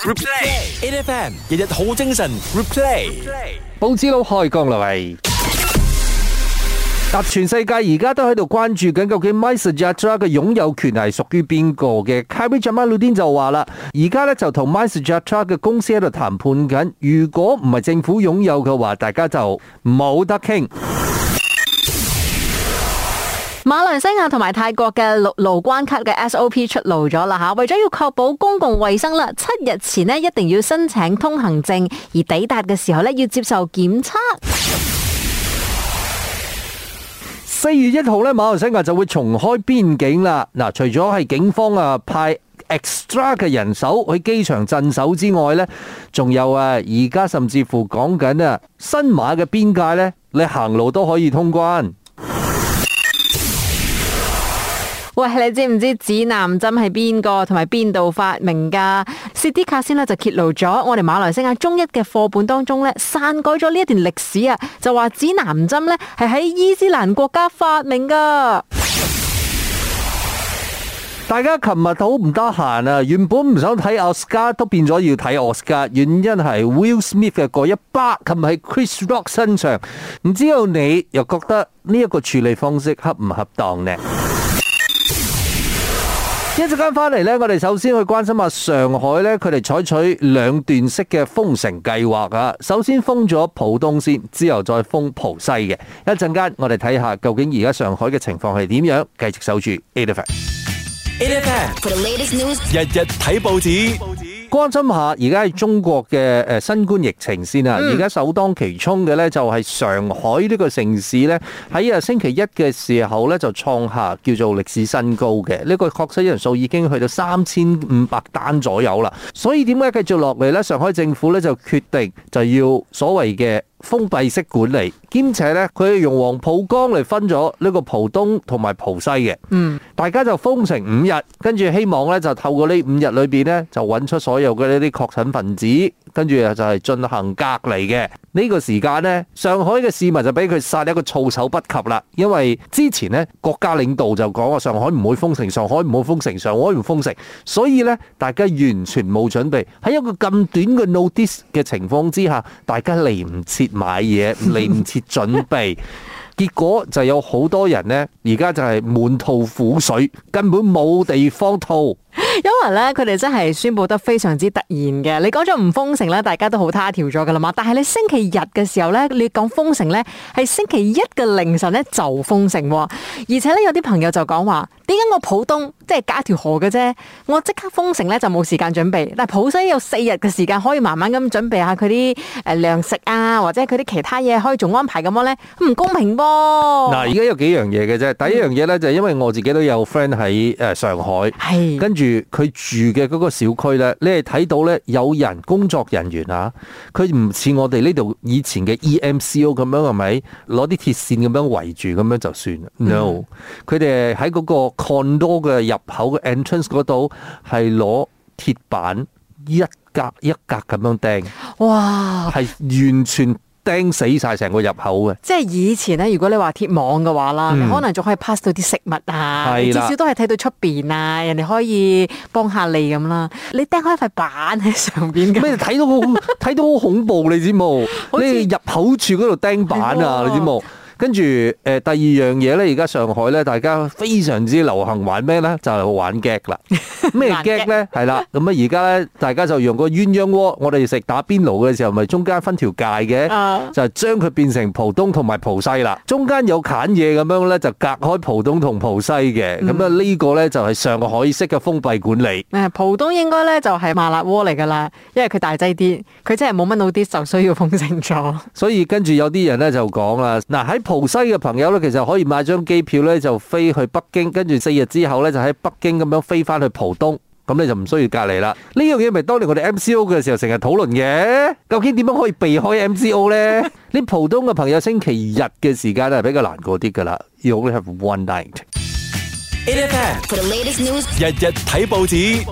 Replay，AI FM 日日好精神。Replay，報紙佬開工啦喂！答：全世界而家都喺度關注緊究竟 MySejahtera 嘅擁有權係屬於邊個嘅？Khairy Jamaluddin 就話啦，而家咧就同 MySejahtera 嘅公司喺度談判緊。如果唔係政府擁有嘅話，大家就冇得傾。馬來西亞同埋泰國嘅陸路關卡嘅 SOP 出爐咗啦吓，為咗要確保公共衛生啦，七日前咧一定要申請通行證，而抵達嘅時候咧要接受檢測。四月一號咧，馬來西亞就會重開邊境啦。嗱，除咗係警方啊派 extra 嘅人手去機場鎮守之外咧，仲有啊，而家甚至乎講緊啊，新馬嘅邊界咧，你行路都可以通關。喂，你知唔知指南針係邊個同埋邊度發明噶？史迪卡先呢就揭露咗，我哋馬來西亞中一嘅課本當中咧，刪改咗呢一段歷史啊，就話指南針咧係喺伊斯蘭國家發明噶。大家琴日都好唔得閒啊，原本唔想睇奧斯卡，都變咗要睇奧斯卡。原因係 Will Smith 嘅嗰一巴，同埋喺 Chris Rock 身上。唔知道你又覺得呢一個處理方式恰唔恰當呢？一陣間翻嚟，呢我哋首先去關心下上海呢，佢哋採取兩段式嘅封城計劃啊。首先封咗浦東先，之後再封浦西嘅。一陣間我哋睇下究竟而家上海嘅情況係點樣，繼續守住 eighty five。eighty five for the latest news。日日睇報紙。 關心下，而家喺中國嘅誒新冠疫情先啊！而家首當其衝嘅呢，就係上海呢個城市呢，喺啊星期一嘅時候呢，就創下叫做歷史新高嘅呢、呢個確診人數已經去到三千五百單左右啦。所以點解繼續落嚟呢？上海政府呢，就決定就要所謂嘅，封閉式管理，兼且咧佢用黃浦江嚟分咗呢個浦東同埋浦西嘅，嗯，大家就封城五日，跟住希望咧就透過呢五日裏面咧就揾出所有嘅呢啲確診分子。跟住就係進行隔離嘅呢個時間呢，上海嘅市民就俾佢殺得一個措手不及啦。因為之前呢國家領導就講話，上海唔會封城，上海唔會封城，上海唔封城，封城，所以呢，大家完全冇準備，喺一個咁短嘅 notice 嘅情況之下，大家嚟唔切買嘢，嚟唔切準備。結果就有好多人呢，而家就係滿肚苦水，根本冇地方吐。因為咧，佢哋真係宣布得非常之突然嘅。你講咗唔封城咧，大家都好他條咗噶啦嘛。但係你星期日嘅時候呢，你講封城呢，係星期一嘅凌晨咧就封城，而且咧有啲朋友就講話。點解我浦東即係隔一條河嘅啫？我即刻封城咧就冇時間準備。但係浦西有四日嘅時間可以慢慢咁準備下佢啲誒糧食啊，或者佢啲其他嘢，可以仲安排咁樣咧，唔公平噃。嗱，而家有幾樣嘢嘅啫。第一樣嘢咧就係因為我自己都有 friend 喺誒上海，係跟住佢住嘅嗰個小區咧，你係睇到咧有人工作人員啊，佢唔似我哋呢度以前嘅 EMCO 咁樣係咪攞啲鐵線咁樣圍住咁樣就算？No，佢哋喺嗰個。condo 嘅入口嘅 entrance 嗰度係攞鐵板一格一格咁樣釘，哇！係完全釘死晒成個入口嘅。即係以前咧，如果你話鐵網嘅話啦、嗯，可能仲可以 pass 到啲食物啊，係至少都係睇到出邊啊，人哋可以幫下你咁啦。你釘開一塊板喺上邊，咩睇到睇到好恐怖你知冇？你入口處嗰度釘板啊，哦、你知冇？跟住誒、呃、第二樣嘢呢，而家上海呢，大家非常之流行玩咩呢？就係、是、玩夾啦。咩 夾 gag 呢？係 啦，咁啊而家咧，大家就用個鴛鴦鍋。我哋食打邊爐嘅時候，咪中間分條界嘅、啊，就將佢變成浦東同埋浦西啦。中間有砍嘢咁樣呢，就隔開浦東同浦西嘅。咁啊呢個呢，就係、是、上海式嘅封閉管理。誒、嗯、浦東應該呢，就係麻辣鍋嚟㗎啦，因為佢大劑啲，佢真係冇乜腦啲，就需要封城咗。所以跟住有啲人呢，就講啊，嗱喺浦西嘅朋友咧，其實可以買張機票咧，就飛去北京，跟住四日之後咧，就喺北京咁樣飛翻去浦東，咁你就唔需要隔離啦。呢樣嘢，咪當年我哋 MCO 嘅時候成日討論嘅，究竟點樣可以避開 MCO 咧？你浦東嘅朋友星期日嘅時間咧，比較難過啲噶啦。You only have one night. It is time for the latest news。日日睇報紙，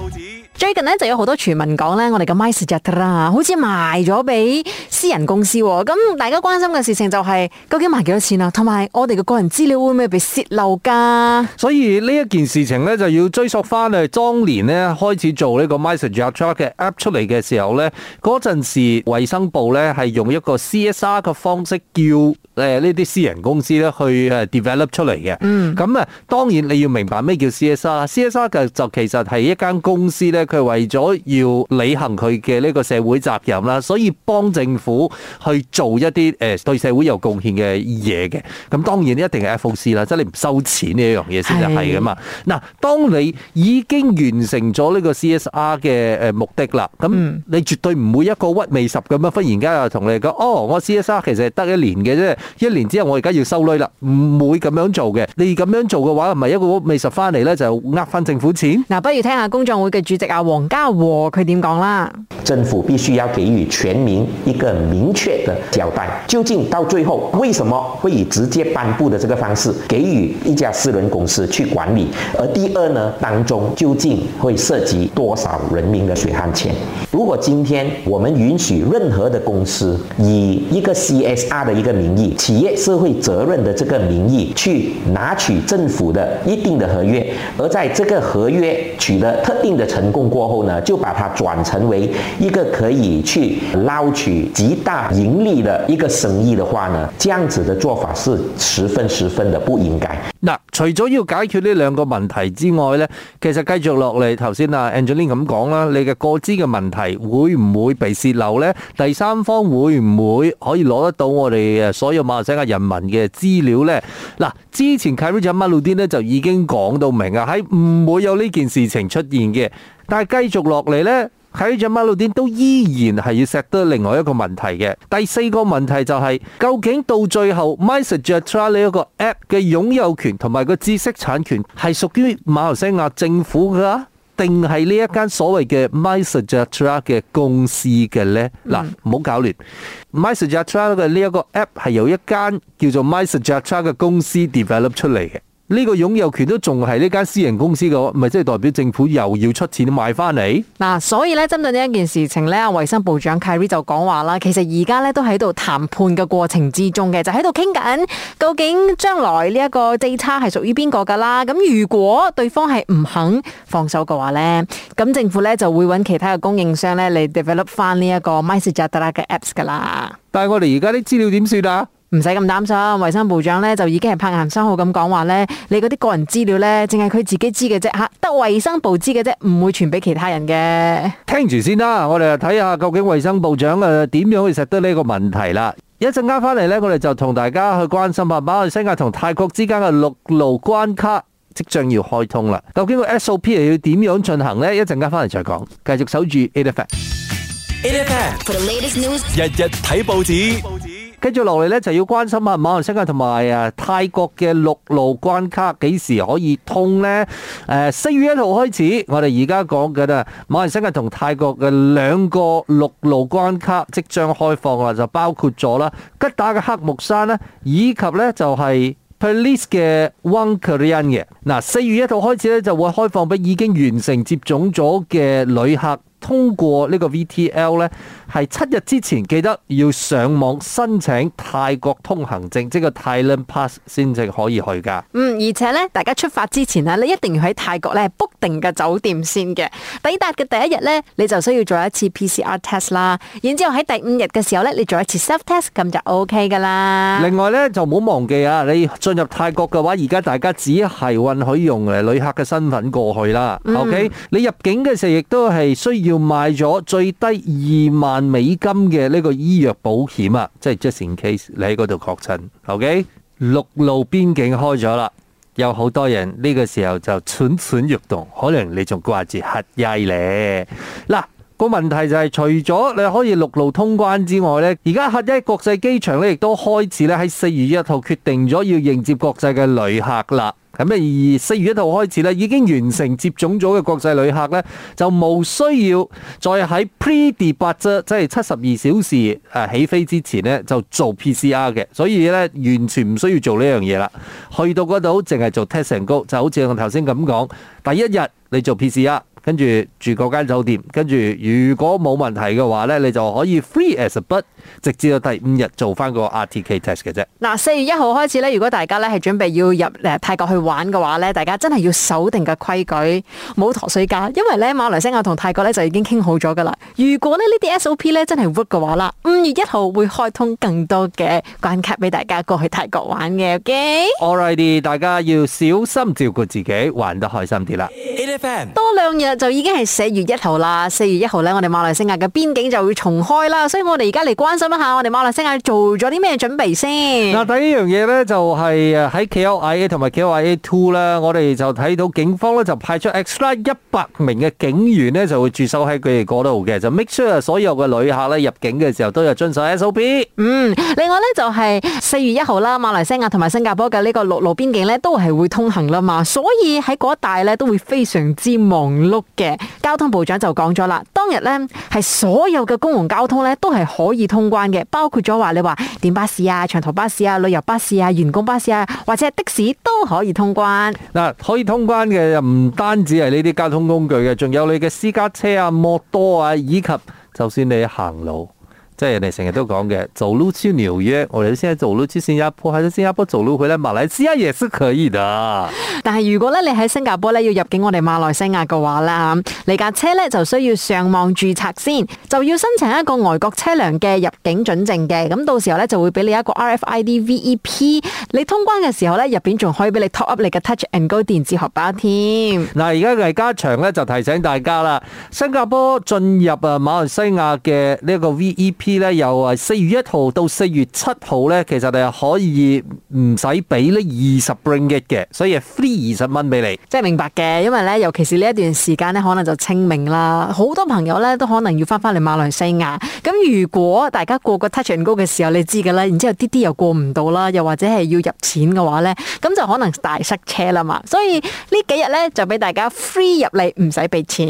最近咧就有好多傳聞講咧，我哋嘅 MySejahtera 啦，好似賣咗俾。私人公司，咁大家關心嘅事情就係究竟賣幾多錢啊？同埋我哋嘅個人資料會唔會被泄露噶？所以呢一件事情咧就要追溯翻，誒當年咧開始做呢個 message a c p 嘅 app 出嚟嘅時候咧，陣時衛生部咧係用一個 C S R 嘅方式叫誒呢啲私人公司咧去誒 develop 出嚟嘅。嗯，咁啊，當然你要明白咩叫 C S R 啦，C S R 嘅就其實係一間公司咧，佢為咗要履行佢嘅呢個社會責任啦，所以幫政府。府去做一啲對社會有貢獻嘅嘢嘅，咁當然一定係 F O C 啦，即係你唔收錢呢一樣嘢先係㗎嘛。嗱，當你已經完成咗呢個 C S R 嘅目的啦，咁你絕對唔會一個屈尾十咁樣，忽然間又同你講，哦，我 C S R 其實得一年嘅啫，一年之後我而家要收稅啦，唔會咁樣做嘅。你咁樣做嘅話，唔係一個屈尾十翻嚟咧，就呃翻政府錢。嗱，不如聽下公眾會嘅主席阿黃家和佢點講啦。政府必須要給予全民一個明確的交代，究竟到最後為什麼會以直接頒布的這個方式給予一家私人公司去管理？而第二呢，當中究竟會涉及多少人民的血汗錢？如果今天我們允許任何的公司以一個 CSR 的一個名義，企業社會責任的這個名義去拿取政府的一定的合約，而在這個合約取得特定的成功過後呢，就把它轉成為一個可以去撈取一大盈利的一個生意的話呢，這樣子的做法是十分十分的不應該。嗱，除咗要解決呢兩個問題之外呢，其實繼續落嚟，頭先啊 Angeline 咁講啦，你嘅個資嘅問題會唔會被洩漏呢？第三方會唔會可以攞得到我哋所有馬來西亞人民嘅資料呢？嗱，之前 Khairy Jamaluddin 就已經講到明啊，喺唔會有呢件事情出現嘅，但係繼續落嚟呢。喺只馬路店都依然係要石得另外一個問題嘅。第四個問題就係，究竟到最後 MySejahtera 呢一個 App 嘅擁有權同埋個知識產權係屬於馬來西亞政府噶，定係呢一間所謂嘅 MySejahtera 嘅公司嘅呢？嗱、嗯，唔好搞亂。MySejahtera 嘅呢一個 App 係由一間叫做 MySejahtera 嘅公司 develop 出嚟嘅。呢、這個擁有權都仲係呢間私人公司嘅，咪即係代表政府又要出錢買翻嚟？嗱、啊，所以咧針對呢一件事情咧，衛生部長 Kerry 就講話啦，其實而家咧都喺度談判嘅過程之中嘅，就喺度傾緊究竟將來呢一個 d 差 t a 係屬於邊個噶啦？咁如果對方係唔肯放手嘅話咧，咁政府咧就會揾其他嘅供應商咧嚟 develop 翻呢一個 message 特啦嘅 apps 噶啦。但係我哋而家啲資料點算啊？唔使咁擔心，衛生部長咧就已經係拍硬生號咁講話咧，你嗰啲個人資料咧，淨係佢自己知嘅啫，吓得衛生部知嘅啫，唔會傳俾其他人嘅。聽住先啦，我哋就睇下究竟衛生部長誒點樣去解決呢個問題啦。一陣間翻嚟咧，我哋就同大家去關心下，馬來西亞同泰國之間嘅陸路關卡即將要開通啦。究竟個 SOP 要點樣進行呢？一陣間翻嚟再講。繼續守住 AFA，AFA，For the latest news，日日睇報紙。報紙。跟住落嚟咧就要關心啊，馬來西亞同埋泰國嘅陸路關卡幾時可以通呢？誒，四月一號開始，我哋而家講嘅咧，馬來西亞同泰國嘅兩個陸路關卡即將開放啊，就包括咗啦吉打嘅黑木山呢，以及呢就係 Perlis 嘅 Wang Kelian 嘅。嗱，四月一號開始呢，就會開放俾已經完成接種咗嘅旅客通過呢個 VTL 呢係七日之前記得要上網申請泰國通行證，即個 Thailand Pass 先至可以去噶。嗯，而且咧，大家出發之前啊，你一定要喺泰國咧 book 定嘅酒店先嘅。抵達嘅第一日咧，你就需要做一次 PCR test 啦。然之後喺第五日嘅時候咧，你做一次 self test，咁就 OK 噶啦。另外咧就唔好忘記啊，你進入泰國嘅話，而家大家只係允許用誒旅客嘅身份過去啦。嗯、OK，你入境嘅時候亦都係需要買咗最低二萬美金嘅呢個醫藥保險啊，即係 just in case 你喺嗰度確診。O K，陸路邊境開咗啦，有好多人呢個時候就蠢蠢欲動，可能你仲掛住乞衣咧。嗱個問題就係，除咗你可以陸路通關之外呢，而家乞一國際機場呢亦都開始咧喺四月一號決定咗要迎接國際嘅旅客啦。咁啊而四月一號開始咧，已經完成接種咗嘅國際旅客咧，就冇需要再喺 p r e d e b a t 即係七十二小時誒起飛之前咧，就做 PCR 嘅，所以咧完全唔需要做呢樣嘢啦。去到嗰度淨係做 testing go，就好似我頭先咁講，第一日你做 PCR。跟住住嗰間酒店，跟住如果冇問題嘅話呢，你就可以 free as a bird 直至到第五日做翻個 RTK test 嘅啫。嗱，四月一號開始呢，如果大家呢係準備要入誒、呃、泰國去玩嘅話呢，大家真係要守定個規矩，冇拖衰家，因為呢馬來西亞同泰國呢就已經傾好咗噶啦。如果呢啲 SOP 呢真係 work 嘅話啦，五月一號會開通更多嘅關卡俾大家過去泰國玩嘅。OK、okay? Alrighty，大家要小心照顧自己，玩得開心啲啦。多兩日。就已經係四月一號啦，四月一號咧，我哋馬來西亞嘅邊境就會重開啦，所以我哋而家嚟關心一下，我哋馬來西亞做咗啲咩準備先？嗱，第一樣嘢咧就係喺 KLIA 同埋 KLIA Two 啦，我哋就睇到警方咧就派出 extra 一百名嘅警員咧，就會駐守喺佢哋嗰度嘅，就 make sure 所有嘅旅客咧入境嘅時候都有遵守 SOP。嗯，另外咧就係四月一號啦，馬來西亞同埋新加坡嘅呢個陸路邊境咧都係會通行啦嘛，所以喺嗰一帶咧都會非常之忙碌。嘅交通部長就講咗啦，當日呢係所有嘅公共交通呢都係可以通關嘅，包括咗話你話電巴士啊、長途巴士啊、旅遊巴士啊、員工巴士啊，或者的士都可以通關。嗱、啊，可以通關嘅唔單止係呢啲交通工具嘅，仲有你嘅私家車啊、摩多啊，以及就算你行路。即係人哋成日都講嘅，走路去紐約，我哋先係走路去新加坡，喺新加坡走路去，返馬來西亞也是可以的。但係如果咧你喺新加坡咧要入境我哋馬來西亞嘅話咧，你架車咧就需要上網注冊先，就要申請一個外國車輛嘅入境准證嘅。咁到時候咧就會俾你一個 RFID VEP，你通關嘅時候咧入邊仲可以俾你 top up 你嘅 Touch and Go 電子荷包添。嗱，而家魏家祥咧就提醒大家啦，新加坡進入啊馬來西亞嘅呢個 VEP。咧又啊，四月一號到四月七號咧，其實你係可以唔使俾呢二十 bring t 嘅，所以係 free 二十蚊俾你，即係明白嘅。因為咧，尤其是呢一段時間咧，可能就清明啦，好多朋友咧都可能要翻翻嚟馬來西亞。咁如果大家過個 touch and g 高嘅時候，你知噶啦，然之後啲啲又過唔到啦，又或者係要入錢嘅話咧，咁就可能大塞車啦嘛。所以呢幾日咧就俾大家 free 入嚟，唔使俾錢，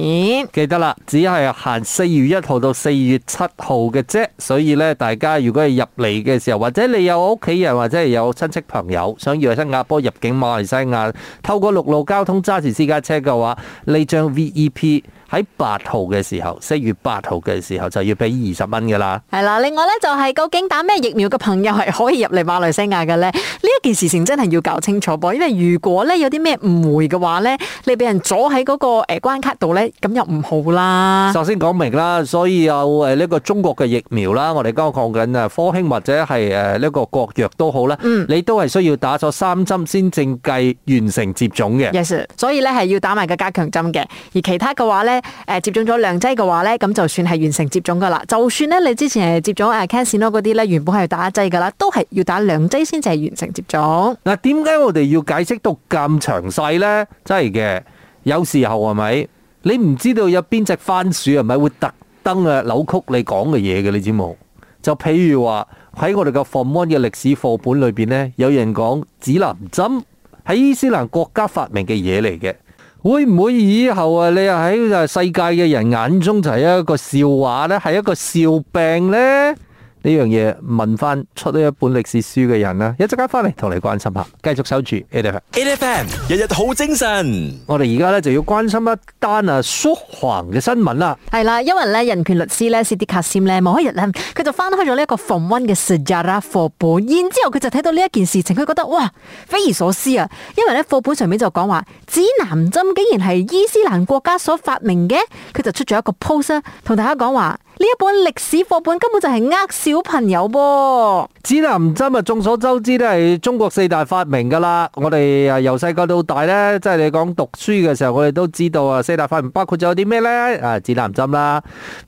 記得啦，只係行四月一號到四月七號嘅啫。所以咧，大家如果係入嚟嘅時候，或者你有屋企人或者係有親戚朋友想要去新加坡入境馬來西亞，透過陸路交通揸住私家車嘅話，呢張 VEP。喺八號嘅時候，四月八號嘅時候就要俾二十蚊噶啦。係啦，另外咧就係究竟打咩疫苗嘅朋友係可以入嚟馬來西亞嘅咧？呢一件事情真係要搞清楚噃，因為如果咧有啲咩誤會嘅話咧，你俾人阻喺嗰個誒關卡度咧，咁又唔好啦。首先講明啦，所以有誒呢個中國嘅疫苗啦，我哋剛講緊啊科興或者係誒呢個國藥都好啦，嗯，你都係需要打咗三針先正計完成接種嘅。Yes，所以咧係要打埋個加強針嘅，而其他嘅話咧。誒，接種咗兩劑嘅話呢，咁就算係完成接種噶啦。就算呢，你之前係接種誒 Casino 嗰啲呢，原本係打一劑噶啦，都係要打兩劑先至係完成接種。嗱，點解我哋要解釋到咁詳細呢？真係嘅，有時候係咪？你唔知道有邊隻番薯係咪會特登啊扭曲你講嘅嘢嘅？你知冇？就譬如話喺我哋嘅 Form One 嘅歷史課本裏邊呢，有人講指南針喺伊斯蘭國家發明嘅嘢嚟嘅。會唔會以後啊，你又喺世界嘅人眼中就係一個笑話咧，係一個笑柄咧？呢樣嘢問翻出呢一本歷史書嘅人啦，一陣間翻嚟同你關心下，繼續守住 A F M A F M 日日好精神。我哋而家咧就要關心一單啊縮行嘅新聞啦。係啦，因為咧人權律師咧 Siti Kasim 咧某一日咧，佢就翻開咗呢一個《Form One 嘅 Sejarah 課本》，然之後佢就睇到呢一件事情，佢覺得哇，匪夷所思啊！因為咧課本上面就講話指南針竟然係伊斯蘭國家所發明嘅，佢就出咗一個 post 同大家講話。呢一本歷史課本根本就係呃小朋友噃，指南針啊，眾所周知都係中國四大發明噶啦。我哋啊由細個到大呢，即係你講讀書嘅時候，我哋都知道啊四大發明包括咗啲咩呢？啊指南針啦、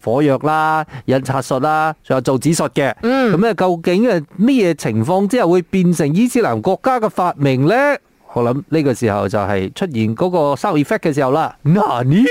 火藥啦、印刷術啦，仲有造紙術嘅。嗯，咁啊究竟係咩嘢情況之後會變成伊斯蘭國家嘅發明呢？我諗呢個時候就係出現嗰個 sound effect 嘅時候啦，嗱 你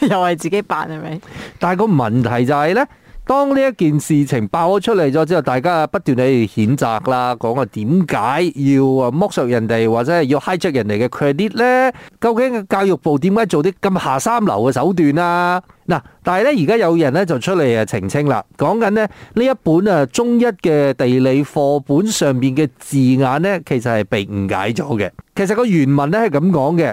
又係自己扮係咪？但係個問題就係咧。當呢一件事情爆咗出嚟咗之後，大家不斷去譴責啦，講啊點解要啊剝削人哋或者係要 high k 人哋嘅 credit 呢？究竟教育部點解做啲咁下三流嘅手段啊？嗱，但係呢，而家有人呢就出嚟啊澄清啦，講緊呢，呢一本啊中一嘅地理課本上面嘅字眼呢，其實係被誤解咗嘅。其實個原文呢係咁講嘅。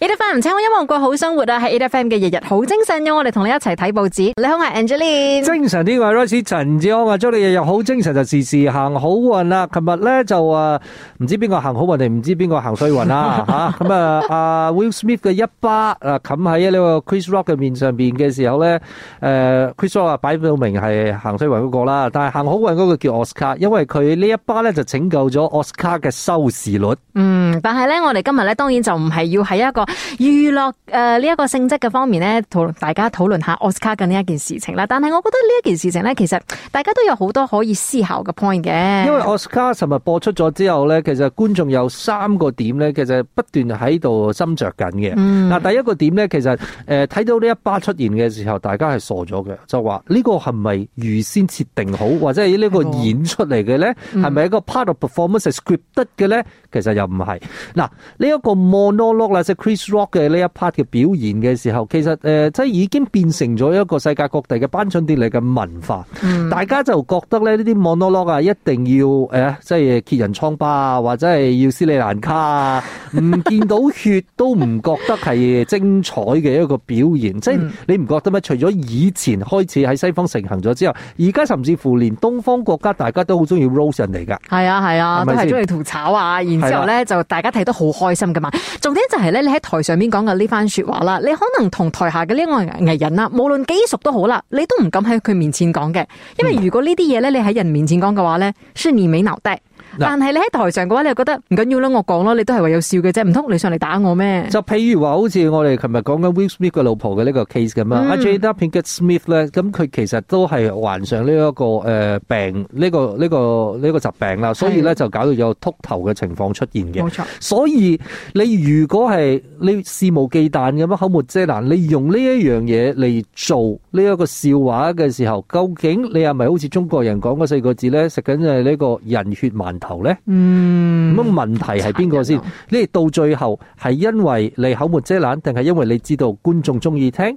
A F M 唔聽我音樂過好生活啊！喺 A F M 嘅日日好精神，咁我哋同你一齊睇報紙。你好，我係 Angeline。精神啲嘅係 Rose 陳子昂啊，祝你日日好精神好、啊，就時時行好運啦！尋日咧就誒，唔知邊個行好運定唔知邊個行衰運啦吓咁啊！阿、 啊啊、Will Smith 嘅一巴啊，冚喺呢個 Chris Rock 嘅面上邊嘅時候咧，誒、啊、，Chris Rock 啊擺到明係行衰運嗰個啦，但係行好運嗰個叫 Oscar，因為佢呢一巴咧就拯救咗 Oscar 嘅收視率。嗯，但係咧，我哋今日咧，當然就唔係要喺一個。娛樂誒呢一個性質嘅方面咧，大家討論下 Oscar 嘅呢一件事情啦。但係我覺得呢一件事情咧，其實大家都有好多可以思考嘅 point 嘅。因為 Oscar 尋日播出咗之後咧，其實觀眾有三個點咧，其實不斷喺度斟酌緊嘅。嗱，嗯，第一個點咧，其實誒睇、呃、到呢一巴出現嘅時候，大家係傻咗嘅，就話呢個係咪預先設定好，或者係呢個演出嚟嘅咧？係、嗯、咪一個 part of performance 係 scripted 嘅咧？其實又唔係。嗱，呢、這、一個 monologue Chris Rock 嘅呢一 part 嘅表演嘅時候，其實誒、呃、即係已經變成咗一個世界各地嘅頒獎典禮嘅文化、嗯。大家就覺得咧呢啲 monologue 啊，一定要誒、呃、即係揭人瘡疤啊，或者係要斯里蘭卡啊，唔 見到血都唔覺得係精彩嘅一個表演、嗯。即係你唔覺得咩？除咗以前開始喺西方盛行咗之後，而家甚至乎連東方國家大家都好中意 rose 人嚟噶，係啊係啊，是啊是是都係中意吐槽啊！然之後咧、啊、就大家睇得好開心㗎嘛。重點就係咧，你喺台上面講嘅呢番說話啦，你可能同台下嘅呢個藝人啦，無論幾熟都好啦，你都唔敢喺佢面前講嘅，因為如果呢啲嘢咧，你喺人面前講嘅話咧，是你沒腦袋。但係你喺台上嘅話，你又覺得唔緊要啦，我講囉，你都係話有笑嘅啫，唔通你上嚟打我咩？就譬如話好似我哋琴日講緊 Will Smith 嘅老婆嘅呢個 case 咁啊，Jada Pinkett Smith 咧，咁佢其實都係患上呢一個誒病，呢、這個呢、這個呢、這個疾病啦，所以咧就搞到有禿頭嘅情況出現嘅。冇錯。所以你如果係你肆無忌憚咁樣口沒遮攔你用呢一樣嘢嚟做呢一個笑話嘅時候，究竟你係咪好似中國人講嗰四個字咧？食緊係呢個人血饅頭頭、嗯、咧，咁啊問題係邊個先？你到最後係因為你口沫遮攔，定係因為你知道觀眾中意聽，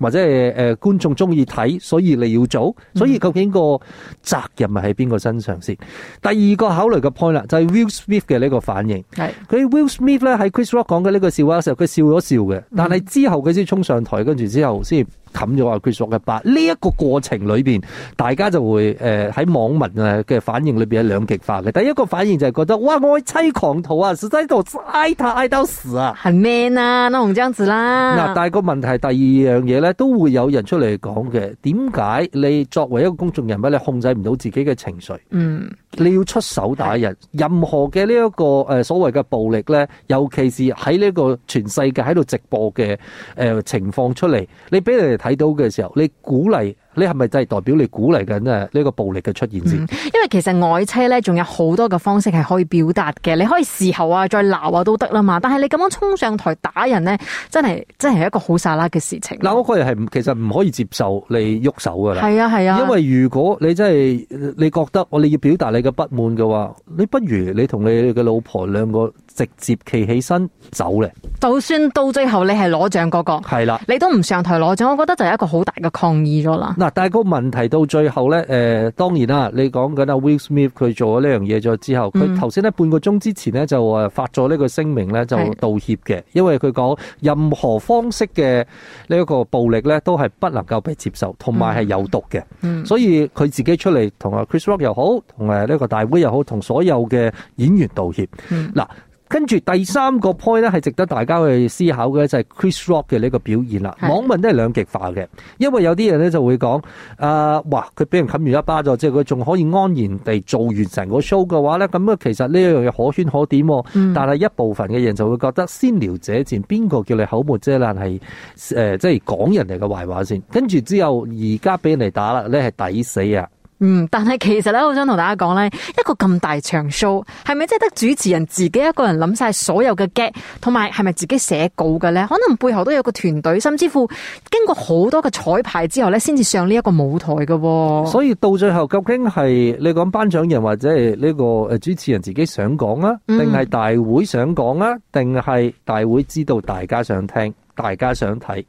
或者係誒、呃、觀眾中意睇，所以你要做？所以究竟個責任係喺邊個身上先、嗯？第二個考慮嘅 point 啦，就係 Will Smith 嘅呢個反應。係佢 Will Smith 咧喺 Chris Rock 講嘅呢個笑話嘅時候，佢笑咗笑嘅，但係之後佢先衝上台，嗯、跟住之後先。冚咗啊！佢所嘅八呢一個過程裏邊大家就會誒喺、呃、網民嘅反應裏邊係兩極化嘅。第一個反應就係覺得哇，我妻狂徒啊！實在個衰到死啊！係 man 啊，嗱，咁樣子啦。嗱、啊，但係個問題第二樣嘢咧，都會有人出嚟講嘅。點解你作為一個公眾人物，你控制唔到自己嘅情緒，嗯，你要出手打人，任何嘅呢一個誒、呃、所謂嘅暴力咧，尤其是喺呢個全世界喺度直播嘅誒、呃、情況出嚟，你俾人哋。睇到嘅時候，你鼓勵。你係咪就係代表你鼓勵緊呢？呢個暴力嘅出現先、嗯，因為其實外車咧，仲有好多嘅方式係可以表達嘅。你可以事後啊，再鬧啊都得啦嘛。但係你咁樣衝上台打人呢，真係真係一個好沙拉嘅事情。嗱，我個人係其實唔可以接受你喐手㗎啦。係啊係啊，因為如果你真係你覺得我哋要表達你嘅不滿嘅話，你不如你同你嘅老婆兩個直接企起身走咧。就算到最後你係攞獎嗰個，係啦，你都唔上台攞獎，我覺得就係一個好大嘅抗議咗啦。嗱，但係個問題到最後咧，誒、呃，當然啦，你講緊阿 Will Smith 佢做咗呢樣嘢咗之後，佢頭先咧半個鐘之前咧就話發咗呢個聲明咧就道歉嘅，因為佢講任何方式嘅呢一個暴力咧都係不能夠被接受，同埋係有毒嘅、嗯，所以佢自己出嚟同阿 Chris Rock 又好，同誒呢個大會又好，同所有嘅演員道歉。嗱、嗯。跟住第三個 point 咧，係值得大家去思考嘅就係 Chris Rock 嘅呢個表現啦。網民都係兩極化嘅，因為有啲人咧就會講：，啊、呃，哇，佢俾人冚完一巴咗，即係佢仲可以安然地做完成個 show 嘅話咧，咁啊其實呢樣嘢可圈可點。但係一部分嘅人就會覺得先撩者賤，邊個叫你口沒遮攔係、呃、即係講人哋嘅壞話先。跟住之後，而家俾人打啦，你係抵死啊！嗯，但係其實咧，我想同大家講，呢一個咁大場數，係咪真係得主持人自己一個人諗晒所有嘅 gag，同埋係咪自己寫稿嘅呢？可能背後都有個團隊，甚至乎經過好多嘅彩排之後呢，先至上呢一個舞台嘅喎。所以到最後究竟係你講頒獎人或者係呢個誒主持人自己想講啊，定係大會想講啊，定係大會知道大家想聽？大家想睇，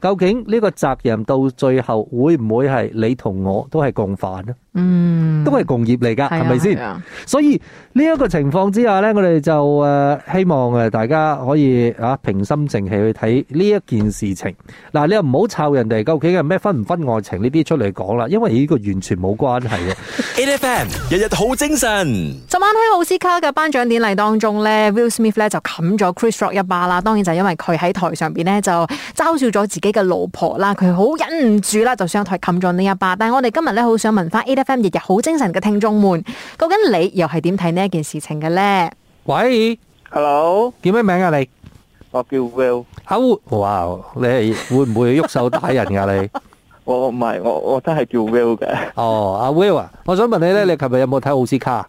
究竟呢個責任到最後會唔會係你同我都係共犯呢？嗯，都係共業嚟噶，係咪先？所以呢一個情況之下咧，我哋就誒希望誒大家可以啊平心靜氣去睇呢一件事情。嗱、啊，你又唔好湊人哋，究竟係咩分唔分愛情呢啲出嚟講啦，因為呢個完全冇關係嘅。A. FM 日日好精神。 昨晚喺奧斯卡嘅頒獎典禮當中咧，Will Smith 咧就冚咗 Chris Rock 一巴啦。當然就係因為佢喺台上邊咧就嘲笑咗自己嘅老婆啦，佢好忍唔住啦，就上台冚咗呢一巴。但係我哋今日咧好想問翻 F.M. 日日好精神嘅聽眾們，究竟你又係點睇呢一件事情嘅咧？喂，Hello，叫咩名啊？你我叫 Will，好哇？你係會唔會喐手打人啊？你我唔係我，我真係叫 Will 嘅。哦，阿 Will 啊，我想問你咧，你琴日有冇睇奧斯卡？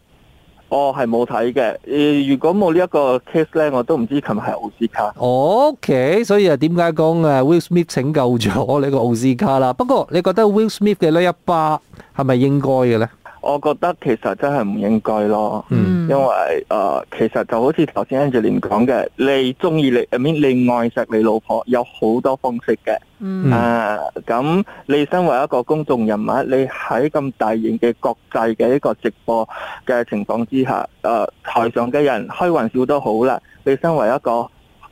哦，係冇睇嘅。誒，如果冇呢一個 case 咧，我都唔知琴日係奧斯卡。O.K.，所以啊，點解講誒 Will Smith 拯救咗呢個奧斯卡啦？不過你覺得 Will Smith 嘅呢一巴？係咪應該嘅呢？我覺得其實真係唔應該咯。嗯，因為誒，其實就好似頭先 Angelina 講嘅，你中意你入面，你愛錫你老婆，有好多方式嘅。嗯，咁你身為一個公眾人物，你喺咁大型嘅國際嘅一個直播嘅情況之下，誒，台上嘅人開玩笑都好啦。你身為一個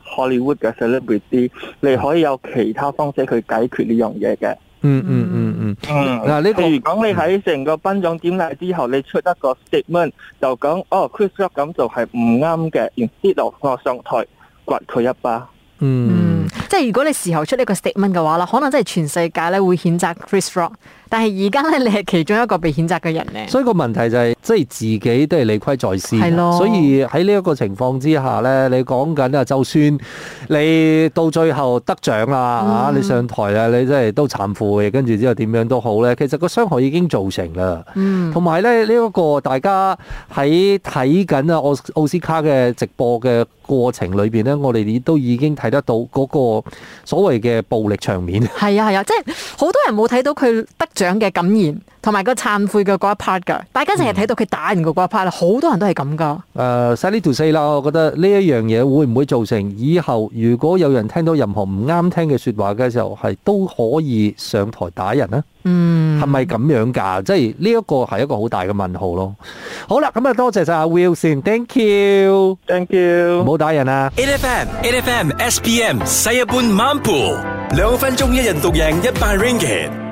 Hollywood 嘅 celebrity，你可以有其他方式去解決呢樣嘢嘅。嗯嗯嗯嗯嗯，嗱、嗯，嗯啊、你譬如講你喺成個頒獎典禮之後，嗯，你出一個 statement 就講哦，Chris Rock 咁就係唔啱嘅，然跌落我上台摑佢一巴。嗯，即係如果你事後出呢個 statement 嘅話啦，可能真係全世界咧會譴責 Chris Rock。但係而家咧，你係其中一個被譴責嘅人咧。所以個問題就係，是，即係自己都係理虧在先。所以喺呢一個情況之下呢，你講緊啊，就算你到最後得獎啦，嗯啊，你上台啊，你真係都懺悔嘅，跟住之後點樣都好呢，其實個傷害已經造成啦。嗯。同埋呢，呢、這、一個大家喺睇緊啊奧斯卡嘅直播嘅。過程裏邊咧，我哋都已經睇得到嗰個所謂嘅暴力場面、啊。係啊係啊，即係好多人冇睇到佢得獎嘅感言同埋個懺悔嘅嗰一 part 㗎。大家成日睇到佢打人嘅嗰一 part 啦，好、嗯、多人都係咁㗎。誒 sadly to say 啦，我覺得呢一樣嘢會唔會造成以後如果有人聽到任何唔啱聽嘅說話嘅時候，係都可以上台打人呢、啊？嗯。係咪咁樣㗎？即係呢一個係一個好大嘅問號咯。好啦，咁啊多謝晒阿 Will 先，Thank you，Thank you，唔好打人啊！NFM NFM SPM 使一般萬步，兩分鐘一人獨贏一百 Ringgit。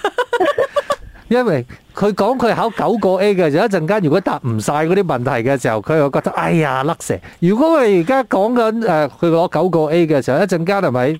因為佢講佢考九個 A 嘅時候，一陣間如果答唔晒嗰啲問題嘅時候，佢又覺得哎呀甩蛇。如果佢而家講緊誒佢攞九個 A 嘅時候，一陣間係咪？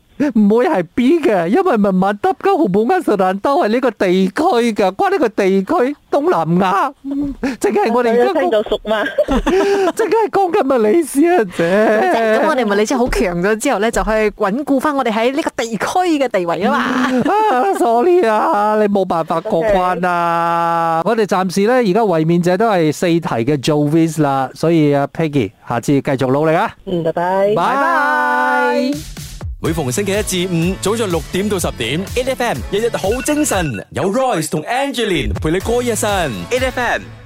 唔會係 B 嘅，因為文文德交互北安實難都係呢個地區嘅，關呢個地區東南亞，正、嗯、係我哋嘅熟就熟嘛，即係講緊嘅馬來西亞啊姐，咁、嗯、我哋馬來西亞好強咗之後咧，就可以穩固翻我哋喺呢個地區嘅地位啊嘛、嗯。啊，sorry 啊，你冇辦法過關啊，okay。我哋暫時咧而家為免者都係四題嘅做 v i s 啦，所以啊 Peggy 下次繼續努力啊。嗯，拜拜，拜拜。每逢星期一至五早上六點到十點，A F M 日日好精神，有 Royce 同 Angelin 陪你過一晨，A F M。